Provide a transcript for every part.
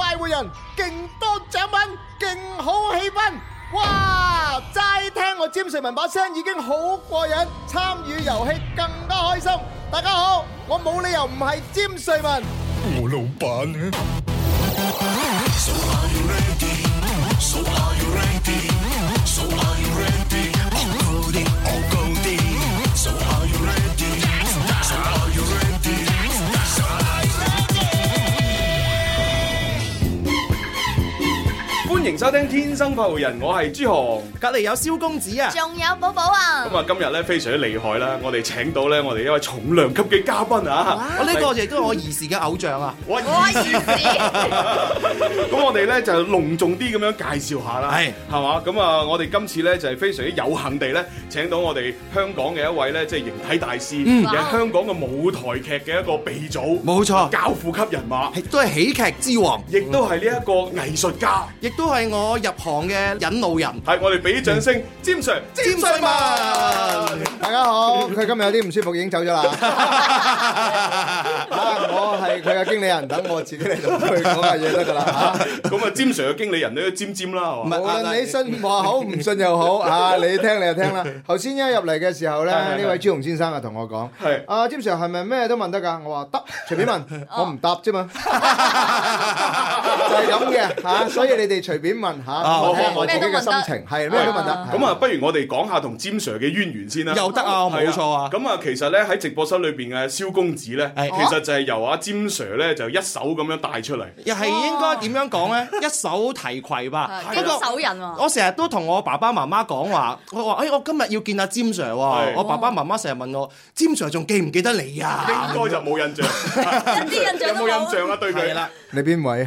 快活人，勁多獎品，勁好氣氛，哇！齋聽我詹瑞文把聲已經好過癮，參與遊戲更加開心。大家好，我冇理由唔係詹瑞文。我老闆。收聽天生發福人，我係朱浩，隔籬有蕭公子啊，仲有寶寶啊。咁啊，今日咧非常之厲害啦，我哋請到咧我哋一位重量級嘅嘉賓啊。哇！呢個亦都係我兒時嘅偶像啊。我兒時。咁我哋咧就隆重啲咁樣介紹下啦，係係嘛？咁啊，我哋今次咧就係非常之有幸地咧，請到我哋香港嘅一位咧即係形體大師，亦係香港嘅舞台劇嘅一個鼻祖。冇錯，教父級人物，亦都係喜劇之王，亦都係呢一個藝術家，亦都係。係我入行嘅引路人，係我哋俾啲掌聲，詹 Sir，詹 Sir 啊，大家好。佢今日有啲唔舒服，已經走咗啦。啊，我係佢嘅經理人，等我自己嚟同佢講下嘢，得噶啦。咁啊，詹 Sir 嘅經理人咧，詹詹啦，無論你信又好，唔信又好啊。你聽你就聽啦。頭先一入嚟嘅時候咧，呢位朱紅先生啊，同我講，係啊，詹 Sir 係咪咩都問得噶？我話得，隨便問，我唔答啫嘛。係咁嘅嚇，所以你哋隨便問下，我我自己嘅心情係咩都問得。咁啊，不如我哋講下同詹 Sir 嘅淵源先啦。又得啊，冇錯啊。咁啊，其實咧，喺直播室裏邊嘅蕭公子咧，其實就係由阿詹 Sir 咧就一手咁樣帶出嚟。又係應該點樣講咧？一手提攜吧，一手人啊。我成日都同我爸爸媽媽講話，我話：哎，我今日要見阿詹 Sir 喎。我爸爸媽媽成日問我，詹 Sir 仲記唔記得你啊？應該就冇印象。有冇印象啊？對佢？係啦，你邊位？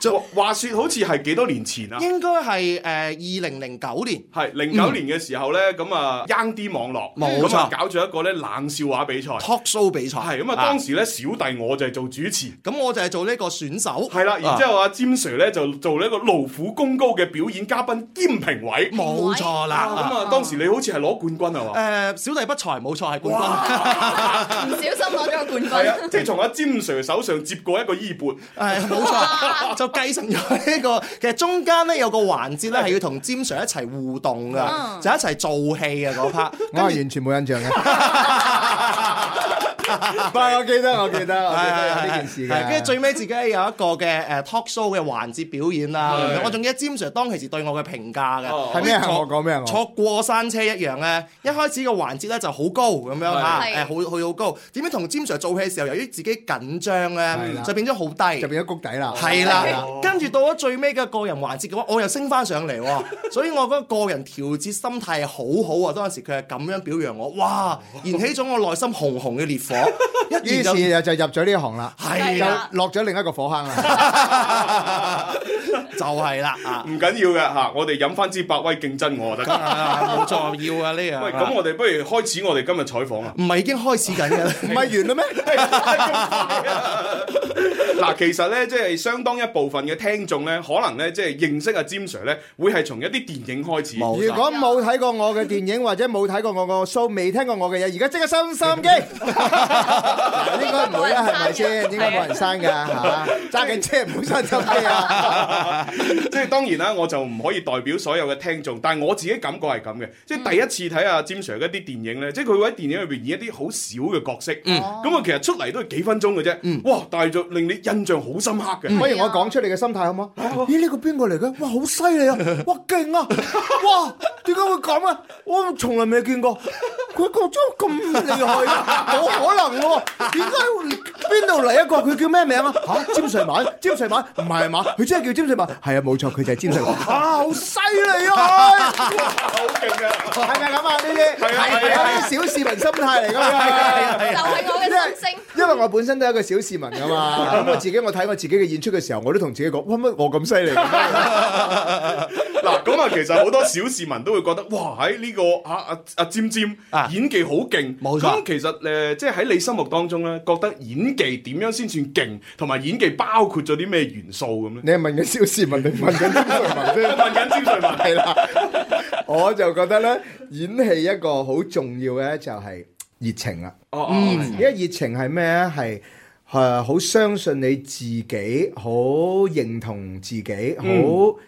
就話説，好似係幾多年前啊，應該係誒二零零九年，係零九年嘅時候咧，咁啊 youngd 網絡冇錯搞咗一個咧冷笑話比賽 talk show 比賽，係咁啊當時咧小弟我就係做主持，咁我就係做呢個選手，係啦，然之後阿詹 Sir 咧就做呢個勞苦功高嘅表演嘉賓兼評委，冇錯啦。咁啊當時你好似係攞冠軍係嘛？小弟不才，冇錯係冠軍，唔小心攞咗個冠軍，即係從阿詹 Sir 手上接過一個衣缽，係冇錯。繼承咗呢個， 其實中間咧有個環節咧係要同詹 Sir 一齊互動噶，uh. 就一齊做戲啊嗰 part，我係完全冇印象嘅。 但係我記得，我記得，我記得呢件事嘅。跟住最尾自己有一個嘅誒 talk show 嘅環節表演啦。我仲記得詹 Sir 當其時對我嘅評價嘅。係咩啊？我講咩啊？坐過山車一樣咧，一開始個環節咧就好高咁樣嚇，誒好，好高。點樣同詹 Sir 做戲嘅時候由於自己緊張咧，就變咗好低，就變咗谷底啦。係啦，跟住到咗最尾嘅個人環節嘅話，我又升翻上嚟喎。所以我個個人調節心態好好啊。當時佢係咁樣表揚我，哇！燃起咗我內心紅紅嘅烈火。於 是就入咗呢一行啦，是啊、就落咗另一個火坑啦。 就係啦，唔緊要嘅嚇，我哋飲翻支百威競爭我啊得啦，冇錯，要啊呢樣。喂，咁我哋不如開始我哋今日採訪啊。唔係已經開始緊嘅，唔係完啦咩？嗱，其實咧，即係相當一部分嘅聽眾咧，可能咧，即係認識阿詹 Sir 咧，會係從一啲電影開始。如果冇睇過我嘅電影或者冇睇過我個 show，未聽過我嘅嘢，而家即刻收收音機。應該唔會啦，係咪先？應該冇人生㗎嚇，揸緊車唔好熄收音機啊。即係 當然啦、啊，我就唔可以代表所有嘅聽眾，但係我自己感覺係咁嘅，即、就、係、是、第一次睇阿詹 Sir 嘅一啲電影咧，即係佢會喺電影入面演一啲好少嘅角色，咁啊、嗯、其實出嚟都係幾分鐘嘅啫，嗯、哇！但係就令你印象好深刻嘅。可以、嗯、我講出你嘅心態好唔好？咦？呢、這個邊個嚟嘅？哇！好犀利啊！哇！勁啊！哇！點解會咁啊？我從來未見過佢個裝咁厲害啊！冇可能咯？點解？邊度嚟一個？佢叫咩名啊？吓詹瑞文？詹瑞文？唔係嘛，佢真係叫詹瑞文。係啊，冇錯，佢就係詹瑞文。啊，好犀利啊！好勁啊！係咪咁啊？呢啲係啊，係啊，啲 小市民心態嚟噶嘛， 就係我嘅心聲。因為我本身都係一個小市民噶嘛，咁 我自己我睇我自己嘅演出嘅時候，我都同自己講：乜乜我咁犀利？ 咁啊， 其實好多小市民都會覺得，哇！喺、哎、呢、這個啊啊啊詹詹，演技好勁。冇、啊、錯，其實誒、呃，即喺你心目當中咧，覺得演技點樣先算勁？同埋演技包括咗啲咩元素咁咧？你係問緊小市民定問緊詹瑞文先？問緊詹瑞文啦。我就覺得咧，演戲一個好重要嘅就係熱情啦。哦哦，而家、嗯、熱情係咩咧？係。係好、啊、相信你自己，好認同自己，好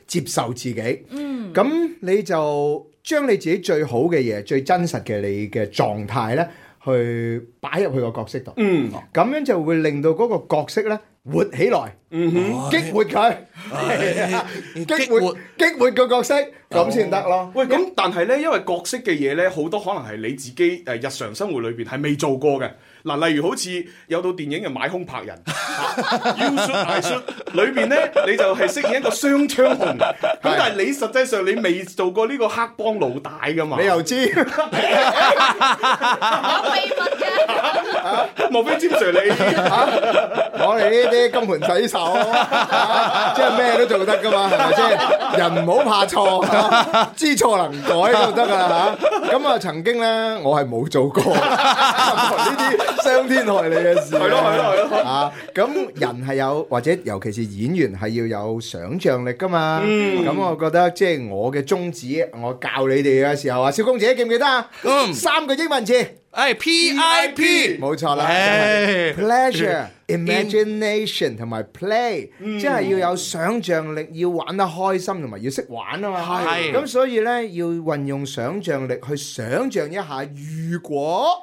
接受自己。嗯，咁你就將你自己最好嘅嘢、最真實嘅你嘅狀態咧，去擺入去個角色度。嗯，咁樣就會令到嗰個角色咧活起來。嗯、激活佢。哎、激活激活個角色咁先得咯。喂，咁但係咧，因為角色嘅嘢咧，好多可能係你自己誒日常生活裏邊係未做過嘅嗱，例如好似有套電影嘅買兇拍人 S，You Shoot, I Shoot 裏邊咧你就係飾演一個雙槍紅，咁 但係你實際上你未做過呢個黑幫老大㗎嘛？你又知？我秘密嘅， 啊？無非 James 你？我哋呢啲金盆洗手，啊啊啊啊啊咩都做得噶嘛，係咪先？ 人唔好怕錯，知錯能改就得噶啦嚇。咁啊，曾經咧，我係冇做過呢啲、 啊、傷天害理嘅事。係咯係咯係咯。啊，咁人係有，或者尤其是演員係要有想像力噶嘛。咁、嗯、我覺得即係、就是、我嘅宗旨，我教你哋嘅時候啊，小公主記唔記得啊？嗯。三個英文字。哎，P.I.P. 冇錯啦，pleasure、imagination 同埋 play，即係要有想象力，要玩得開心，同埋要識玩啊嘛。係、嗯的，咁所以呢，要運用想象力去想象一下，如果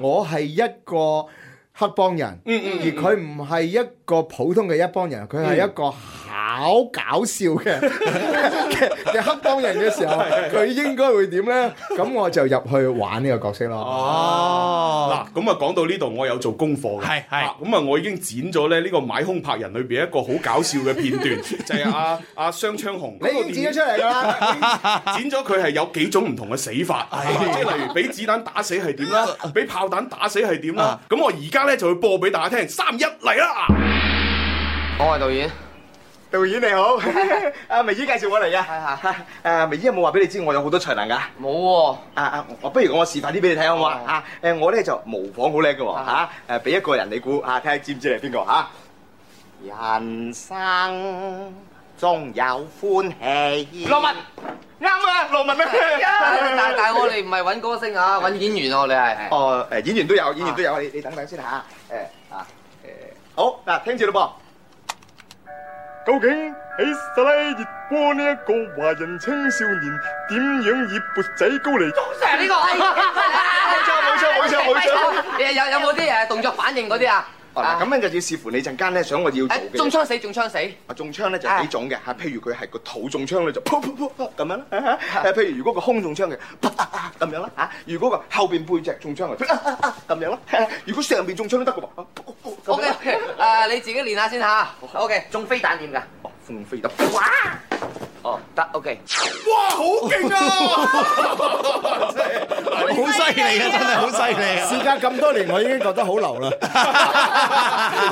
我係一個黑幫人，而佢唔係一個普通嘅一幫人，佢係一個。好搞，搞笑嘅，你黑幫人嘅時候，佢應該會點呢？咁我就入去玩呢個角色咯。哦，嗱，咁啊，講到呢度，我有做功課嘅，係係，咁啊，我已經剪咗咧呢個買空拍人裏邊一個好搞笑嘅片段，就係阿阿雙槍紅，啊、你已經剪咗出嚟㗎啦，剪咗佢係有幾種唔同嘅死法，即係例如俾子彈打死係點啦，俾 炮彈打死係點啦，咁、啊、我而家呢，就會播俾大家聽，三一嚟啦，我係導演。署導演你好，阿眉姨介紹我嚟噶。誒，眉姨有冇話俾你知我有好多才能噶？冇喎。啊啊，我不如我示範啲俾你睇好唔好啊？誒，我咧就模仿好叻嘅吓。誒，俾一個人你估下，睇下知唔知你係邊個吓？人生中有歡喜。羅文，啱啊，羅文咩？但但我哋唔係搵歌星啊，搵演員哦，你係。哦，誒，演員都有，演員都有，你你等等先吓。誒啊，誒，好嗱，聽住咯噃。究竟喺西熱波呢一個華人青少年，點樣以缽仔糕嚟？冇錯呢個，冇錯冇錯冇錯，有有冇啲誒動作反應嗰啲啊？咁、啊、樣就要視乎你陣間咧想我要做嘅。中槍死，中槍死。啊，中槍咧就幾種嘅嚇，譬如佢係個肚中槍咧就噗噗噗噗咁樣啦。譬如如果個胸中槍嘅，咁樣啦嚇。如果個後邊背脊中槍啊，咁樣啦。如果上邊中槍都得嘅喎，咁樣。O K，啊你自己練下先嚇。O Okay . K，中彈、啊、中飛彈點㗎？哦，中飛彈。哦，得、oh, OK。哇，好勁啊！好犀利啊，真係好犀利啊！事隔咁多年，我已經覺得好流啦，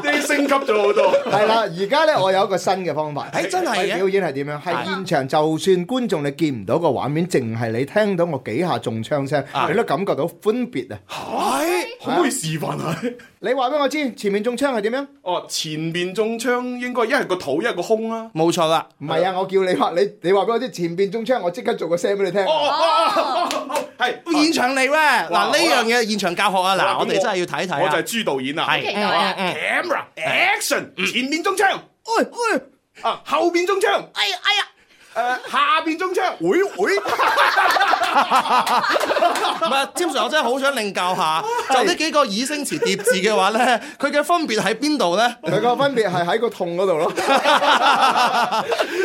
已 經 升級咗好多。係 啦， 而家呢，我有一個新嘅方法，誒、欸，真係表演係點樣？係現場就算觀眾你見唔到個畫面，淨係你聽到我幾下中槍聲， 你都感覺到分別 啊！係，可唔可以示範下？你話俾我知，前面中槍係點樣？哦，前面中槍應該一係個肚，一係個胸啊？冇錯啊！唔係啊，我叫你你你話俾我知前邊中槍，我即刻做個聲俾你聽。哦，哦，哦，係現場嚟啦！嗱，呢樣嘢現場教學啊！嗱，我哋真係要睇睇，我就係朱導演啊，Camera action，前面中槍，啊，後邊中槍，哎呀哎呀！誒、呃、下邊中槍，會會唔係？詹 sir 我真係好想領教下，是就呢幾個以聲詞疊字嘅話咧，佢嘅分別喺邊度咧？佢個分別係喺個痛嗰度咯。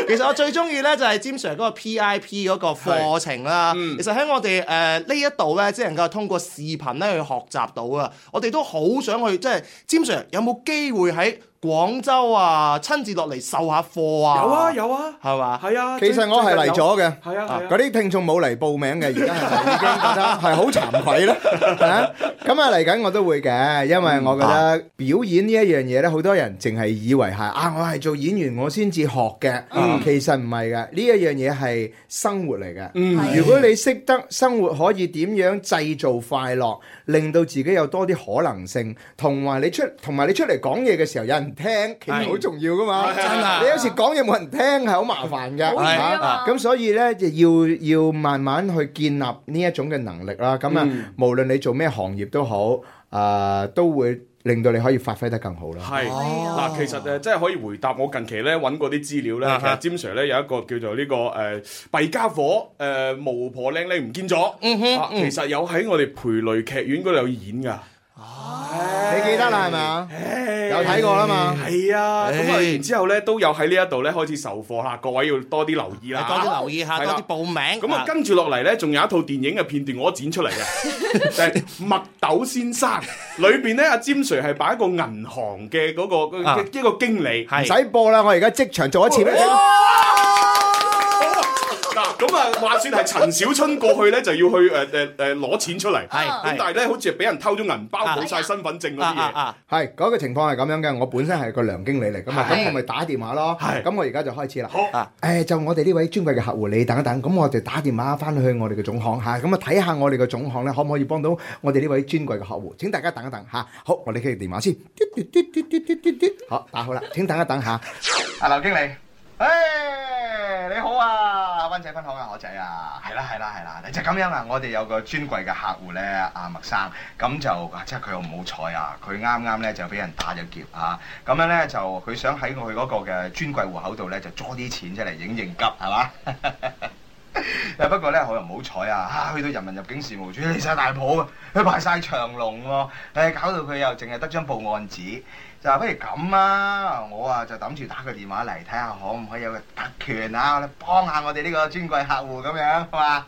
其實我最中意咧就係詹 sir 嗰個 PIP 嗰個課程啦。是其實喺我哋誒呢一度咧，只能夠通過視頻咧去學習到啊。我哋都好想去，即係詹 sir 有冇機會喺？廣州啊，親自落嚟授下課啊，啊！有啊有吧啊，係嘛？係啊，其實我係嚟咗嘅。係啊，嗰啲聽眾冇嚟報名嘅，而家係已經係好慚愧啦。咁、 嗯、啊嚟緊我都會嘅，因為我覺得表演呢一樣嘢呢，好多人淨係以為係啊，我係做演員我先至學嘅。其實唔係嘅，呢一樣嘢係生活嚟嘅。嗯，如果你識得生活可以點樣製造快樂，令到自己有多啲可能性，同埋你出同埋你出嚟講嘢嘅時候有。聽其實好重要噶嘛，真啊！你有時講嘢冇人聽係好麻煩嘅，係啊。 咁吧所以咧，就要要慢慢去建立呢一種嘅能力啦。咁啊，無論你做咩行業都好，誒、呃，都會令到你可以發揮得更好啦。係嗱是，哎、呀其實誒，真係可以回答我近期咧揾過啲資料咧，是是是其實詹 Sir 咧有一個叫做呢、這個誒、呃，弊家伙誒、呃，巫婆靚靚唔見咗。嗯哼，嗯其實有喺我哋培雷劇院嗰度有演噶。唉，你記得啦係嘛？有睇過啦嘛？係啊，咁啊，然之後咧都有喺呢一度咧開始授課吓，各位要多啲留意啦，多啲留意下，多啲報名。咁啊，跟住落嚟咧，仲有一套電影嘅片段，我展出嚟嘅，係《墨斗先生》裏邊咧，阿詹 sir 係扮一個銀行嘅嗰個一個經理，唔使播啦，我而家即場做一次。嗱，咁啊，話說係陳小春過去咧就要去誒誒誒攞錢出嚟，係咁，但係咧好似係俾人偷咗銀包，冇晒、啊、身份證嗰啲嘢，係嗰、那個情況係咁樣嘅。我本身係個梁經理嚟，咁啊，咁我咪打電話咯。係是，咁我而家就開始啦。好，誒、啊欸，就我哋呢位尊貴嘅客戶，你等一等，咁我哋打電話翻去我哋嘅總行吓，咁啊睇下我哋嘅總行咧可唔可以幫到我哋呢位尊貴嘅客戶？請大家等一等吓、啊，好，我哋傾電話先。嘟嘟嘟嘟嘟嘟嘟，好，打、啊、好啦，請等一等下，阿劉、 啊、經理。誒、hey, 你好啊，溫仔分享啊，我仔啊，係啦係啦係啦，就咁樣啊，我哋有個尊貴嘅客戶咧，阿、啊、麥生，咁就即係佢又唔好彩啊，佢啱啱咧就俾人打咗劫啊，咁、啊、樣咧就佢想喺佢嗰個嘅尊貴戶口度咧就捉啲錢出嚟，應應急係嘛？ 誒， 不過咧，我又唔好彩啊！去到人民入境事務處，你晒大埔啊，佢排晒長龍喎。誒，搞到佢又淨係得張報案紙，就話不如咁啊！我啊就諗住打個電話嚟，睇下可唔可以有個特權啊，幫下我哋呢個尊貴客戶咁樣，好嘛？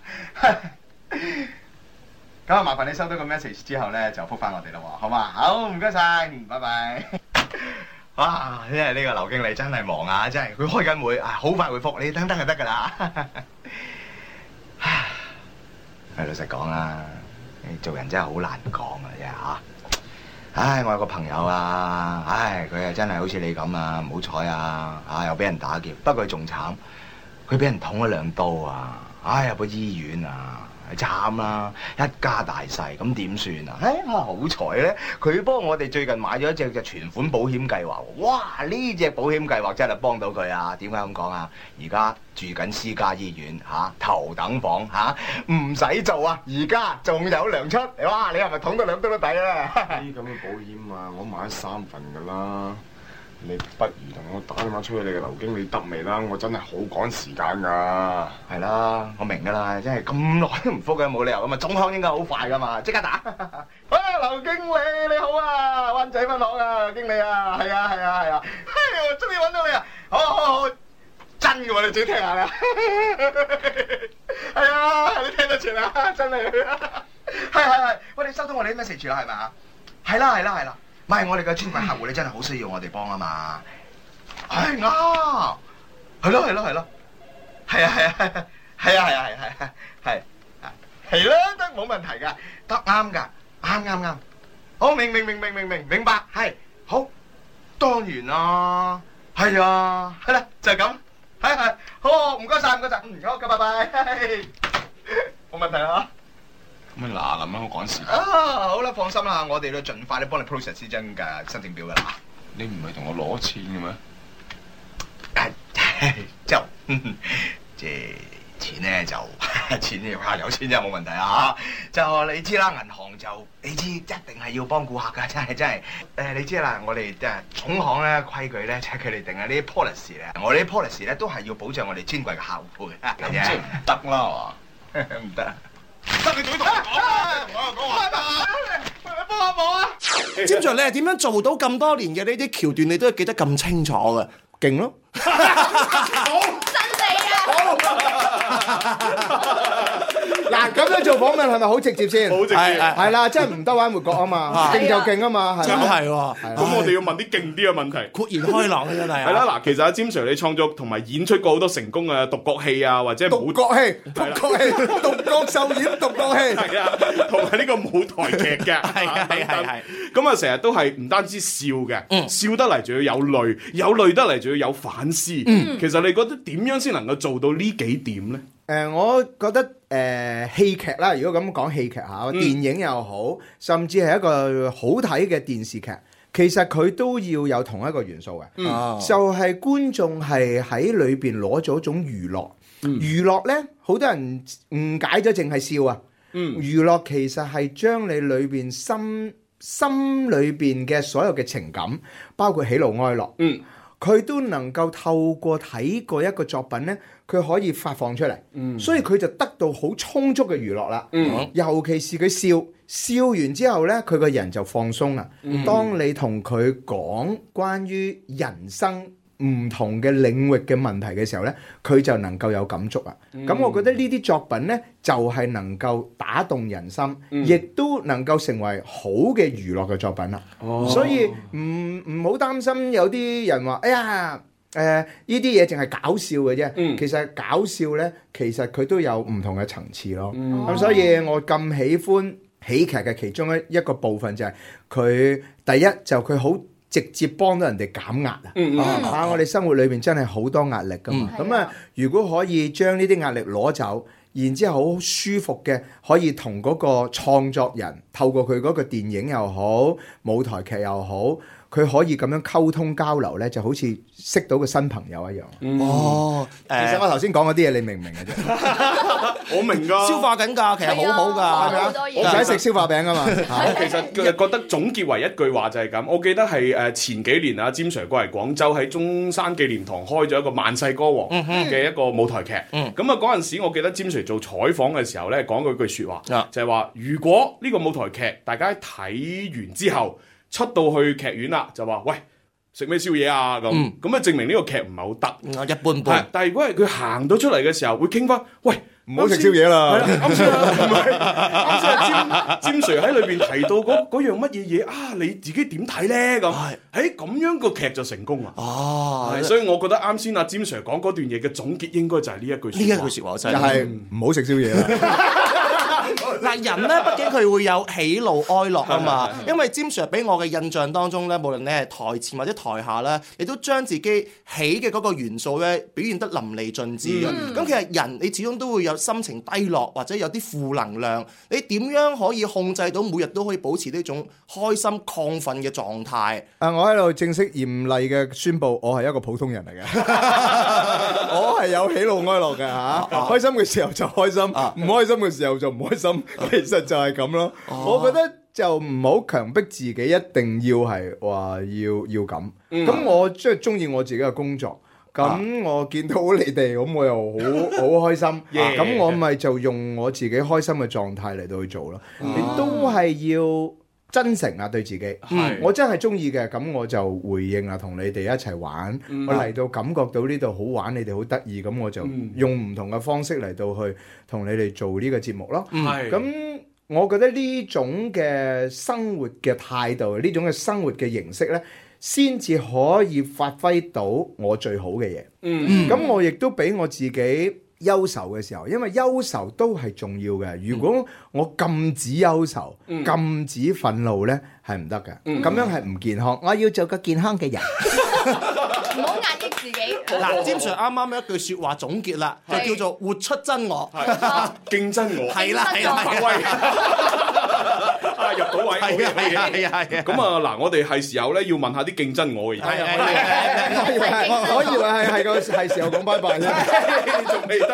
咁啊，麻煩你收到個 message 之後咧，就覆翻我哋啦，好嘛？好，唔該晒，拜拜。 啊，真係呢個劉經理真係忙啊，真係佢開緊會，好快會復你，等等就得噶啦。哈哈 唉，老實講啦，你做人真係好難講啊，真係唉，我有個朋友啊，唉，佢又真係好似你咁啊，唔好彩啊，啊又俾人打劫，不過仲慘，佢俾人捅咗兩刀啊，唉，入咗醫院啊！慘啦、啊，一家大細咁點算啊？唉，好彩咧，佢幫我哋最近買咗一隻嘅存款保險計劃喎。哇，呢隻保險計劃真係幫到佢啊！點解咁講啊？而家住緊私家醫院嚇、啊，頭等房嚇，唔、啊、使做啊！而家仲有糧出，你哇！你係咪捅多兩刀都抵啊？呢啲咁嘅保險啊，我買三份㗎啦。你不如同我打電話出去你嘅劉經理得未啦？我真係好趕時間㗎。係啦，我明㗎啦，真係咁耐都唔覆嘅，冇理由啊嘛！總行應該好快㗎嘛，即刻打。喂，劉經理你好啊，灣仔分行啊，經理啊，係啊係啊係啊，嘿，終於揾到你啊！好，好，好，真嘅喎，你自己聽下啦。係啊，你聽得著啊，真係。係係係，喂，你收到我啲 message 啦，係咪啊？係啦係啦係啦。唔係我哋嘅尊貴客戶，你真係好需要我哋幫啊嘛，係啱，係咯係咯係咯，係啊係啊係啊係啊係係係，係係啦都冇問題噶，得啱噶，啱啱啱，好明明明明明明明白，係好當然啦，係啊，係啦就係咁，係係好唔該晒唔該晒，唔該，噶拜拜，好冇問題啊。咁啊，林生，好趕時間啊！好啦，放心啦，我哋都盡快咧幫你 process 呢張嘅申請表噶啦。你唔係同我攞錢嘅咩？就即錢咧就錢，有錢真係冇問題啊！就你知啦，銀、嗯、行就你知一定係要幫顧客噶，真係真係誒！你知啦、啊，我哋啊總行咧規矩咧就係佢哋定下呢啲 policy 咧，我哋啲 policy 咧都係要保障我哋尊貴嘅客戶嘅。唔得啦，唔得、啊。 得 CL OS ED 你嚟，女仔，我我開下，你幫下我，我，幫我啊知知！詹 sir 你係點樣做到咁多年嘅呢啲橋段，你都係記得咁清楚嘅，勁咯！ 咁樣做訪問係咪好直接先？好直接係啦，真係唔得玩回角啊嘛！勁就勁啊嘛，真係喎！咁我哋要問啲勁啲嘅問題。豁然開朗嘅真係。係啦，嗱，其實阿詹 Sir 你創作同埋演出過好多成功嘅獨角戲啊，或者獨角戲、獨角戲、獨角秀演獨角戲，係啊，同埋呢個舞台劇嘅，係啊，係係係。咁啊，成日都係唔單止笑嘅，笑得嚟仲要有淚，有淚得嚟仲要有反思。嗯，其實你覺得點樣先能夠做到呢幾點咧？誒、呃，我覺得誒，戲、呃、劇啦，如果咁講戲劇吓，嗯、電影又好，甚至係一個好睇嘅電視劇，其實佢都要有同一個元素嘅，嗯、就係觀眾係喺裏邊攞咗一種娛樂。娛樂呢，好多人誤解咗，淨係笑啊。娛樂、嗯、其實係將你裏邊心心裏邊嘅所有嘅情感，包括喜怒哀樂。嗯佢都能夠透過睇過一個作品呢，佢可以發放出嚟，所以佢就得到好充足嘅娛樂啦。Mm hmm. 尤其是佢笑，笑完之後呢，佢個人就放鬆啦。Mm hmm. 當你同佢講關於人生，唔同嘅領域嘅問題嘅時候呢，佢就能夠有感觸啊！咁我覺得呢啲作品呢，嗯、就係能夠打動人心，亦、嗯、都能夠成為好嘅娛樂嘅作品啦、啊。哦、所以唔唔好擔心有啲人話：「哎呀，誒呢啲嘢淨係搞笑嘅啫」。嗯、其實搞笑呢，其實佢都有唔同嘅層次咯。咁、哦、所以我咁喜歡喜劇嘅其中一一個部分就係佢第一就佢好。直接幫到人哋減壓、mm hmm. 啊！喺我哋生活裏面真係好多壓力噶嘛，咁、mm hmm. 啊，如果可以將呢啲壓力攞走，然之後好舒服嘅，可以同嗰個創作人透過佢嗰個電影又好、舞台劇又好。佢可以咁樣溝通交流呢，就好似識到個新朋友一樣。嗯、哦，其實我頭先講嗰啲嘢，你明唔明嘅？我明㗎，消化緊㗎，其實好好㗎，係咪啊？唔使食消化餅㗎嘛。 我其實覺得總結為一句話就係咁。我記得係誒前幾年啊，詹 Sir 過嚟廣州喺中山紀念堂開咗一個萬世歌王嘅一個舞台劇。咁啊嗰陣時，我記得詹 Sir 做採訪嘅時候呢，講過一句説話，就係話：如果呢個舞台劇大家睇完之後，出到去劇院啦，就話：喂，食咩宵夜啊？咁咁咪證明呢個劇唔係好得，一般般。但係如果係佢行到出嚟嘅時候，會傾翻：喂，唔好食宵夜啦！啱先係，啱先阿詹 Sir 喺裏邊提到嗰樣乜嘢嘢啊，你自己點睇咧？咁，誒咁樣個劇就成功啦！啊、哦，所以我覺得啱先阿詹 Sir 講嗰段嘢嘅總結應該就係呢一句話，呢一句説話就係唔好食宵夜。 嗱，人呢，畢竟佢會有喜怒哀樂啊嘛。 因為 James Sir 俾我嘅印象當中呢，無論你係台前或者台下呢，你都將自己起嘅嗰個元素呢，表現得淋漓盡致嘅。咁、嗯、其實人你始終都會有心情低落或者有啲負能量。你點樣可以控制到每日都可以保持呢種開心亢奮嘅狀態？啊！我喺度正式嚴厲嘅宣佈，我係一個普通人嚟嘅。 我係有喜怒哀樂嘅嚇，啊啊、開心嘅時候就開心，唔、啊、開心嘅時候就唔開心。其實就係咁咯，Oh. 我覺得就唔好強迫自己一定要係話要要咁。咁我即係中意我自己嘅工作，咁、mm hmm. 我見到你哋，咁我又好好 開心。咁 Yeah. 我咪就，就用我自己開心嘅狀態嚟到去做咯。Oh. 你都係要。真誠啊，對自己，是我真係中意嘅，咁我就回應啦，同你哋一齊玩。嗯、我嚟到感覺到呢度好玩，你哋好得意，咁我就用唔同嘅方式嚟到去同你哋做呢個節目咯。咁是我覺得呢種嘅生活嘅態度，呢種嘅生活嘅形式呢，先至可以發揮到我最好嘅嘢。咁、嗯、我亦都俾我自己憂愁嘅時候，因為憂愁都係重要嘅。如果我禁止憂愁、禁止憤怒呢，係唔得嘅。咁樣係唔健康。我要做個健康嘅人，唔 好 壓抑自己。嗱詹 Sir 啱啱一句説話總結啦，是就叫做活出真我，競 爭是我係啦。 過 啊 入到位，係嘅係嘅係嘅，咁啊嗱，我哋係時候咧要問，問下啲競爭我嘅家，係係係係可以係係個係時候講拜拜啦，仲未得。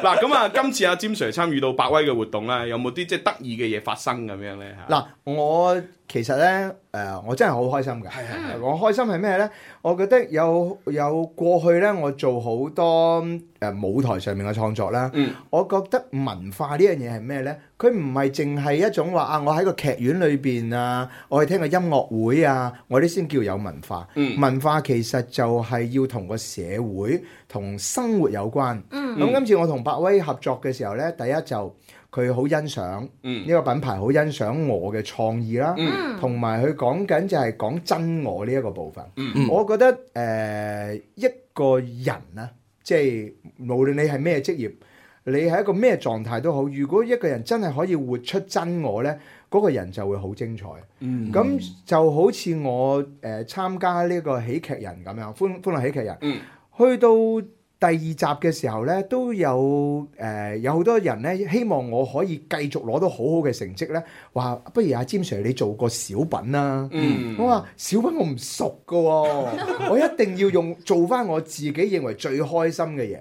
嗱，咁啊，今次阿、啊、詹 Sir 參與到百威嘅活動咧，有冇啲即係得意嘅嘢發生咁樣咧？吓，嗱我。其實咧，誒、呃，我真係好開心嘅的、啊。我開心係咩咧？我覺得有有過去咧，我做好多誒、呃、舞台上面嘅創作啦。嗯、我覺得文化呢樣嘢係咩咧？佢唔係淨係一種話啊，我喺個劇院裏邊啊，我去聽個音樂會啊，我啲先叫有文化。嗯、文化其實就係要同個社會同生活有關。咁今、嗯、次我同百威合作嘅時候咧，第一就。佢好欣賞呢、嗯、個品牌，好欣賞我嘅創意啦，同埋佢講緊就係講真我呢一個部分。嗯嗯、我覺得誒、呃、一個人啊，即係無論你係咩職業，你係一個咩狀態都好。如果一個人真係可以活出真我咧，嗰、那個人就會好精彩。咁、嗯嗯、就好似我誒、呃、參加呢個喜劇人咁樣，歡歡樂喜劇人，嗯嗯、去到。第二集嘅時候咧，都有誒、呃、有好多人咧希望我可以繼續攞到好好嘅成績呢，話不如阿詹 Sir 你做個小品啦。嗯、我話小品我唔熟㗎、哦， 我一定要用做翻我自己認為最開心嘅嘢。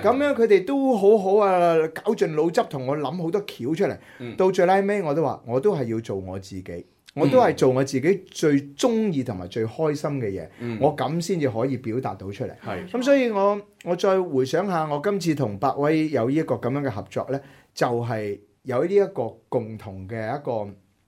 咁 樣佢哋都好好啊，搞盡腦汁同我諗好多橋出嚟。到最 last 尾我都話，我都係要做我自己。我都係做我自己最中意同埋最開心嘅嘢，嗯、我咁先至可以表達到出嚟。咁的所以我我再回想下，我今次同百威有呢一個咁樣嘅合作咧，就係、係、有呢一個共同嘅一個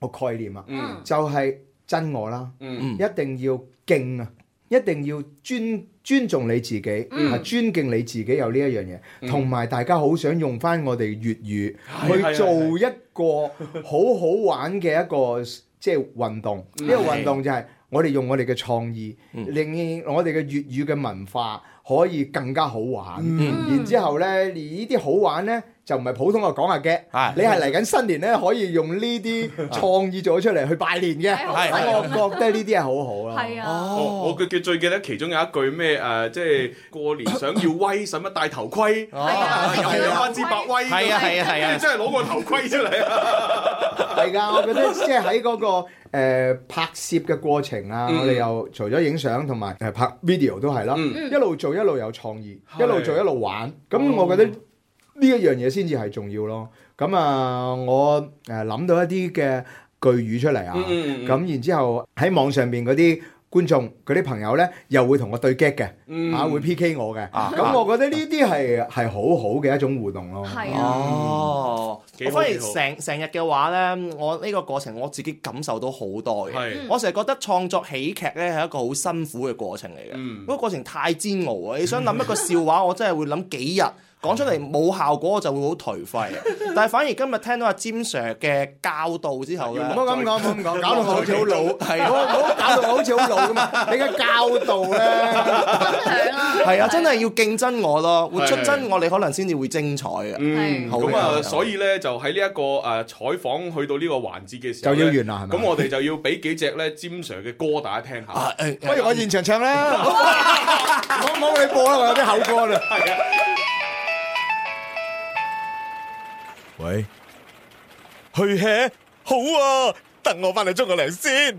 個概念啊，嗯、就係真我啦，嗯、一定要敬啊，一定要尊尊重你自己，啊、嗯、尊敬你自己有呢一樣嘢，同埋、嗯、大家好想用翻我哋粵語、嗯、去做一個好好玩嘅一個、嗯。 即係運動，呢、這個運動就係我哋用我哋嘅創意，的令我哋嘅粵語嘅文化。可以更加好玩，然之後咧，呢啲好玩咧就唔係普通嘅講下嘅，你係嚟緊新年咧可以用呢啲創意做出嚟去拜年嘅，我覺得呢啲係好好咯。係啊，我我我最記得其中有一句咩誒，即係過年想要威，使乜戴頭盔，係啊，又有返支白威，係啊係啊係啊，即係攞個頭盔出嚟啊，係㗎，我覺得即係喺嗰個拍攝嘅過程啊，我哋又除咗影相同埋誒拍 video 都係咯，一路做。一路有創意，的一路做一路玩，咁、嗯、我覺得呢一樣嘢先至係重要咯。咁啊，我誒諗到一啲嘅句語出嚟啊，咁、嗯嗯嗯、然之後喺網上邊嗰啲。觀眾佢啲朋友呢，又會同我對擊嘅，啊，會 PK 我嘅，咁我覺得呢啲係係好好嘅一種互動咯。係啊，我反而成成日嘅話呢，我呢個過程我自己感受到好多嘅。我成日覺得創作喜劇呢係一個好辛苦嘅過程嚟嘅，嗰過程太煎熬啊！你想諗一個笑話，我真係會諗幾日。講出嚟冇效果，我就會好頹廢。但係反而今日聽到阿詹 Sir 嘅教導之後咧，唔好咁講，唔好咁講，搞到我好似好老，係咯，唔好搞到好似好老啊嘛。你嘅教導咧，係啊，真係要競爭我咯，活出真我，你可能先至會精彩啊。嗯，好。咁啊，所以咧就喺呢一個誒採訪去到呢個環節嘅時候咧，就要完啦。咁我哋就要俾幾隻咧詹 Sir 嘅歌大家聽下。不如我現場唱啦，我幫你播啦，我有啲口歌啦。喂，去吃好啊！等我翻嚟沖個涼先。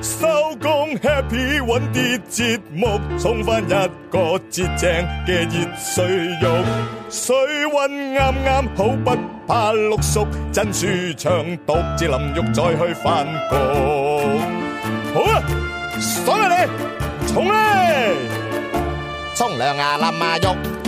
收工，happy，搵啲節目，沖翻一個潔淨嘅熱水浴，水温啱啱好，不怕綠熟，真舒暢，獨自淋浴再去翻工。好啊，爽啊你，沖啊，沖涼啊淋啊浴。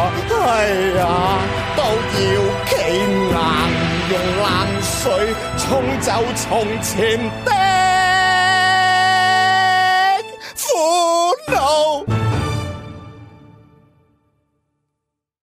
哎呀，都要企硬，用冷水沖走從前的苦惱。